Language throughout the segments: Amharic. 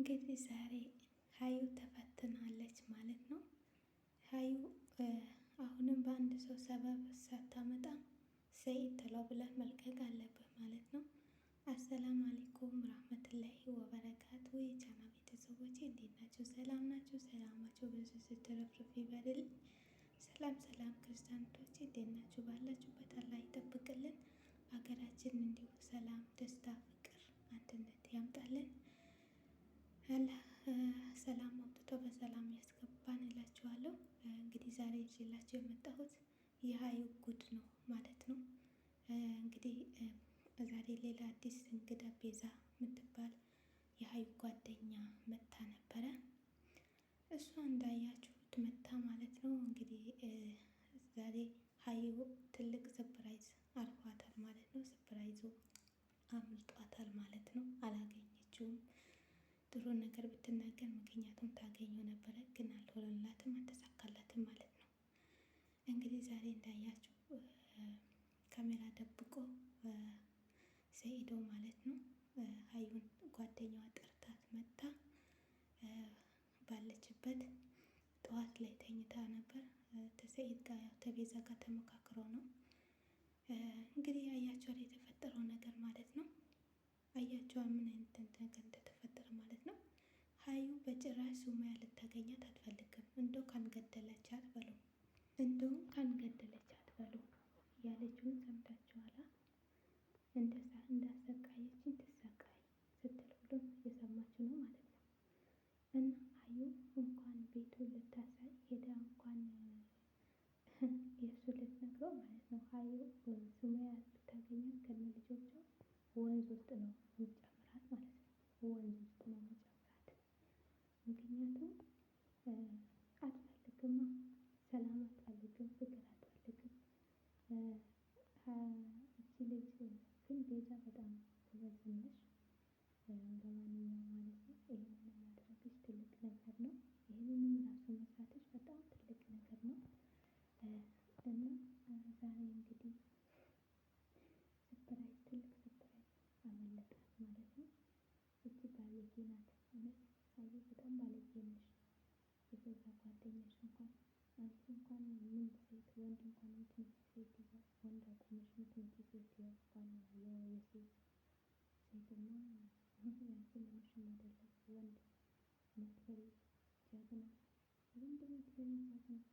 እንግዲህ ዛሬ ሀዩ ተፈትናለች ማለት ነው። ሀዩ አሁንም በአንድ ሰው ሰበብ ሳታመጣ ሰይ ተለው ብለህ መልቀቅ አለብህ ማለት ነው። አሰላም አለይኩም ራህመቱላሂ ወበረካቱ የቻና ቤተሰቦች እንዴት ናቸው? ሰላም ናቸው? ሰላማቸው ብዙ ስትረፍርፍ ይበልል። ሰላም ሰላም ክርስቲያኖች እንዴት ናችሁ? ባላችሁበት አላህ ይጠብቅልን። ሀገራችን እንዲሁ ሰላም፣ ደስታ፣ ፍቅር፣ አንድነት ያምጣልን። ሰላም አውጥቶ በሰላም ያስገባን እላችኋለሁ። እንግዲህ ዛሬ ይዤላችሁ የመጣሁት የሀዩ ጉድ ነው ማለት ነው። እንግዲህ ዛሬ ሌላ አዲስ እንግዳ ቤዛ የምትባል የሀዩ ጓደኛ መታ ነበረ። እሷ እንዳያችሁት መታ ማለት ነው። እንግዲህ ዛሬ ሀዩ ትልቅ ስፕራይዝ አርፏታል ማለት ነው። ስፕራይዙ አምልጧታል ማለት ነው። አላገኘችውም። ጥሩ ነገር ብትናገር ምክንያቱም ታገኘው ነበረ፣ ግን አልሆነላትም፣ አልተሳካላትም ማለት ነው። እንግዲህ ዛሬ እንዳያችሁ ካሜራ ደብቆ ሰኢዶ ማለት ነው ሀዩን ጓደኛዋ ጠርታት መታ ባለችበት ጠዋት ላይ ተኝታ ነበር። ተሰኢድ ጋር ተቤዛ ጋር ተመካክሮ ነው እንግዲህ አያቸዋ ላይ የተፈጠረው ነገር ማለት ነው። አያቸዋ ምን አይነት ነገር በጭራሽ ሱማያ ልታገኛት አትፈልግም። እንደው ካንገደለቻት በለው እንደውም ካንገደለቻት በለው ያለችውን ሰምታችኋላ። እንደዛ እንዳሰቃየች እንድሰቃይ ስትል ሁሉም እየሰማችሁ ነው ማለት ነው። እና አዩ እንኳን ቤቱ ልታሳይ ሄዳ እንኳን የእሱ ልትነግረው ማለት ነው። አዩ ሱማያ ልታገኛት ከነ ልጆቿ ወንዝ ውስጥ ነው የሚጨምራት ማለት ነው። ወንዝ ውስጥ ነው ምክንያቱም አትፈልግማ ሰላም አትፈልግም፣ ፍቅር አትፈልግም። እቺ ልጅ ግን ቤዛ በጣም ጎበዝ ምን ሴት ወንድ እንኳን ምትንት ሴት ይዛል ወንድ አቁመሽ ምትንት ሴት ያስባል የሴት ሴትማ ያስለምሽም አይደለም ወንድ ምትፈሪ ጀግና ወንድ ምትፈሪ ጀግና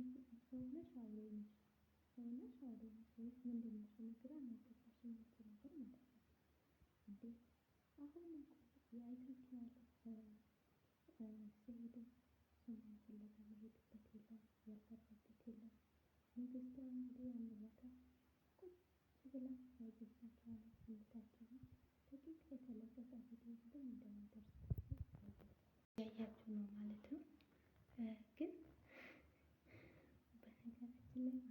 አንቺ ሰው ነሽ ነሽ ሰው ነሽ ነሽ ወይስ ምንድን ነሽ? ግራ የሚያጋባሽን ነገር ማለት ነው እንዴ አሁን የአይቴ ያለ ስሄድም ሰማይ ፍለጋ መሄድበት የለም ያልሰራበት የለም። ንግስቷ እንግዲህ ያን ቦታ ቁጭ ብላ ያየቻቸውን ስሜታቸውን ደቂቅ የተለቀቀ ቪዲዮ ግን እንደሚደርስ እያያችሁ ነው ማለት ነው ግን በነገራችን ላይ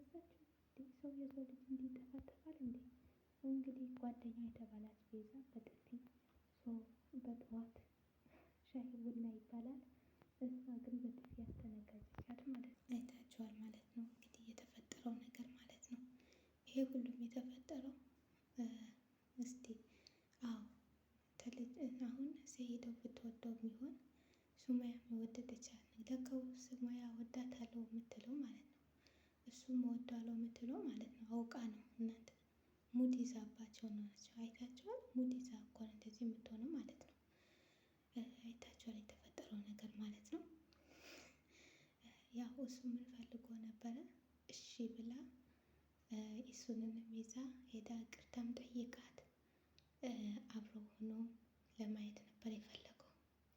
አልገዛችም እንዴ? ሰው የሰው ልጅ እንዲጠፋጠፋል እንዴ? እንግዲህ ጓደኛ የተባላት ቤዛ በጥፊ በጠዋት ሻይ ቡና ይባላል። እሷ ግን በጥፊ ያስተነጋጀቻት ማለት ነው። አይታችኋል ማለት ነው እንግዲህ የተፈጠረው ነገር ማለት ነው። ይሄ ሁሉም የተፈጠረው እስቲ አዎ አሁን ሰኢደው ብትወደው ቢሆን ሱማያ የወደደቻት ለከው ሱማያ ወዳታለሁ የምትለው ማለት ነው። እሱም እወዳለሁ የምትለው ማለት ነው አውቃ ነው እናንተ ሙድ ይዛባቸው ነው ናቸው አይታችኋል። ሙድ ይዛ እኮ ነው እንደዚህ የምትሆነው ማለት ነው። አይታችኋል የተፈጠረው ነገር ማለት ነው። ያው እሱ ምን ፈልጎ ነበረ? እሺ ብላ እሱንም ይዛ ሄዳ ቅርታም ጠይቃት አብሮ ሆኖ ለማየት ነበር የፈለገው።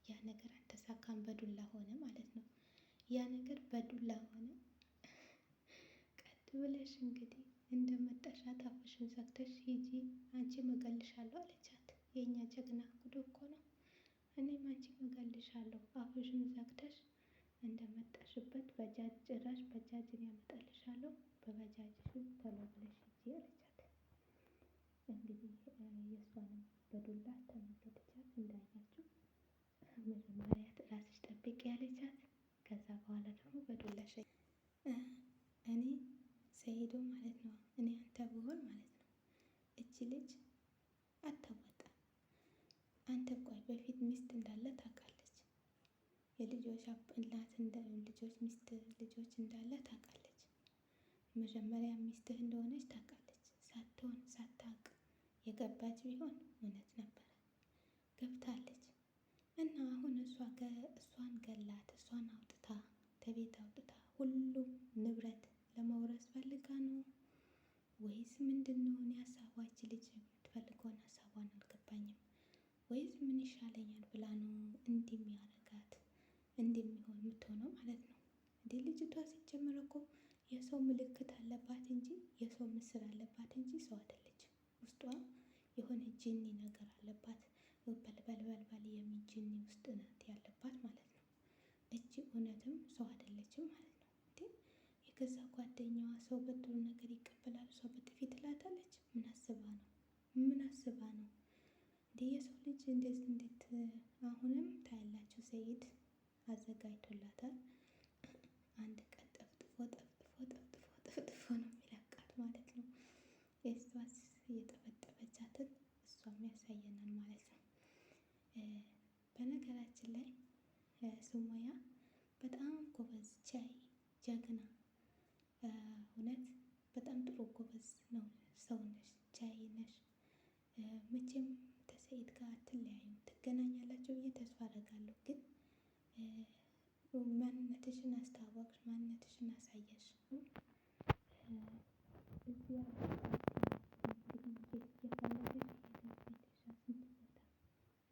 ያ ነገር አልተሳካም፣ በዱላ ሆነ ማለት ነው። ያ ነገር በዱላ ሆነ። ብለሽ እንግዲህ እንደመጣሽ አጣፍሽን ዘግተሽ ሂጂ፣ አንቺ መገልሻለሁ አለቻት። የእኛ ጀግና ጉድ እኮ ነው። እኔም አንቺ መገልሻለሁ አፍሽን ዘግተሽ እንደመጣሽበት በጃጅ ጭራሽ በጃጅን ያመጣልሻለሁ በበጃጅሽን ቶሎ ብለሽ ሂጂ አለቻት። እንግዲህ የእሷንም በዱላ ተመለከተቻት። እንዳያችሁ መጀመሪያ ራስሽ ጠብቂ ያለቻት፣ ከዛ በኋላ ደግሞ በዱላ ሸ ሰይዶ ማለት ነው። እኔ አንተ ብሆን ማለት ነው። እቺ ልጅ አታዋጣም። አንተ ቆይ በፊት ሚስት እንዳለ ታውቃለች። የልጆች እናት ልጆች ሚስት ልጆች እንዳለ ታውቃለች። መጀመሪያ ሚስትህ እንደሆነች ታውቃለች። ሳትሆን ሳታውቅ የገባች ቢሆን እውነት ነበረ። ገብታለች እና አሁን እሷ እሷን ገላት እሷን አውጥታ ከቤት አውጥታ ሁሉም ንብረት ለመውረስ ፈልጋ ነው ወይስ ምንድን ነው? እኔ ሀሳቧች ልጅ የምትፈልገውን ሀሳቧን አልገባኝም። ወይስ ምን ይሻለኛል ብላ ነው እንዲህ እንደሚሆን የምትሆነው ማለት ነው። እንዲህ ልጅቷ ሲጀመር እኮ የሰው ምልክት አለባት እንጂ የሰው ምስል አለባት እንጂ ሰው አይደለችም። ውስጧ የሆነ ጅኒ ነገር አለባት። በልበልበልበል የሚል ጅኒ ውስጥ ናት ያለባት ማለት ነው። እጅ እውነትም ሰው አይደለችም ማለት ነው። የገዛ ጓደኛዋ ሰው በጥሩ ነገር ይቀበላል፣ እሷ በጥፊ ትላታለች። ምን አስባ ነው? ምን አስባ ነው? እንዲህ የሰው ልጅ እንዴት እንዴት አሁንም ታያላችሁ። ሰይድ አዘጋጅቶላታል። አንድ ቀን ጠፍጥፎ ጠፍጥፎ ጠፍጥፎ ጠፍጥፎ ነው የሚለቃት ማለት ነው። የእሷስ እየጠፈጠፈቻትን እሷም ያሳየናል ማለት ነው። በነገራችን ላይ ሱሙያ በጣም ጎበዝ ቻይ ጀግና በእውነት በጣም ጥሩ ጎበዝ ነው ሰው ነሽ፣ ቻይ ነሽ። መቼም ተሰኢድ ጋር አትለያዩም፣ ትገናኛላችሁ ብዬ ተስፋ አደርጋለሁ። ግን ማንነትሽን አስተዋወቅሽ፣ ማንነትሽን አሳየሽ።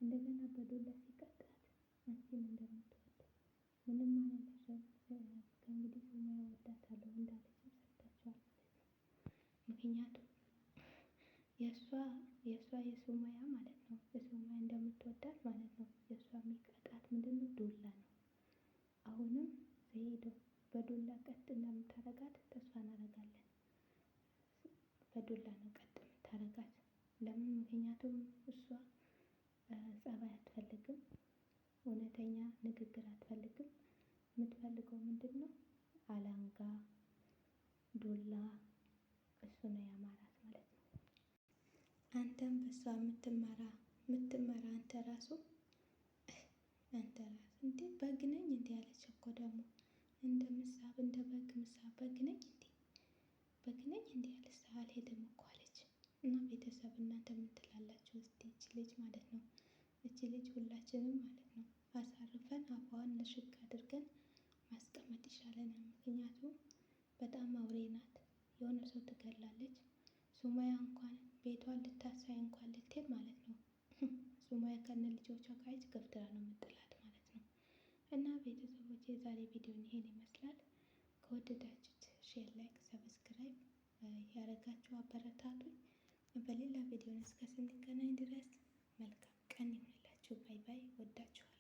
እንደገና በዶላ ሲቀጣት አንቺን እንደምትወድ ምንም አይነት እንግዲህ ሙያ ወዳታለሁ እንዳለችም ሰምታችኋል ማለት ነው። ምክንያቱም የእሷ የእሷ የሱሙያ ማለት ነው የሱሙያ እንደምትወዳት ማለት ነው። የእሷ የሚቀጣት ምንድን ነው ዱላ ነው። አሁንም ዘይዶ በዱላ ቀጥ እንደምታረጋት ተስፋ እናደርጋለን። በዱላ ነው ቀጥ የምታረጋት። ለምን? ምክንያቱም እሷ ጸባይ አትፈልግም፣ እውነተኛ ንግግር አትፈልግም። የምትፈልገው ምንድን ነው? አላንጋ ዱላ እሱ ነው ያማራት ማለት ነው። አንተም በሷ የምትመራ የምትመራ አንተ ራሱ አንተ ራሱ እንዴ በግ ነኝ እንዴ ያለች እኮ ደግሞ እንደ ምሳብ እንደ በግ ምሳብ በግ ነኝ እንዴ በግ ነኝ እንዴ ያለች አልሄድም እኮ አለች። እና ቤተሰብ እናንተ ምን ትላላችሁ? እስቲ እች ልጅ ማለት ነው እች ልጅ ሁላችንም ማለት ነው አሳርፈን አፏን ለሽግ አድርገን ማስቀመጥ ይሻለናል። ምክንያቱም በጣም አውሬ ናት። የሆነ ሰው ትገላለች። ሱማያ እንኳን ቤቷን ልታሳይ እንኳን ልትሄድ ማለት ነው ሱማያ ከነ ልጆቿ ጋይዝ ገፍትራ ነው የምጥላት ማለት ነው። እና ቤተሰቦች የዛሬ ቪዲዮ ይሄን ይመስላል። ከወደዳችሁት ሼር፣ ላይክ፣ ሰብስክራይብ ያደረጋችሁ አበረታቱኝ። በሌላ ቪዲዮ እስከ ስንገናኝ ድረስ መልካም ቀን ይሁንላችሁ። ባይ ባይ። ወዳችኋል።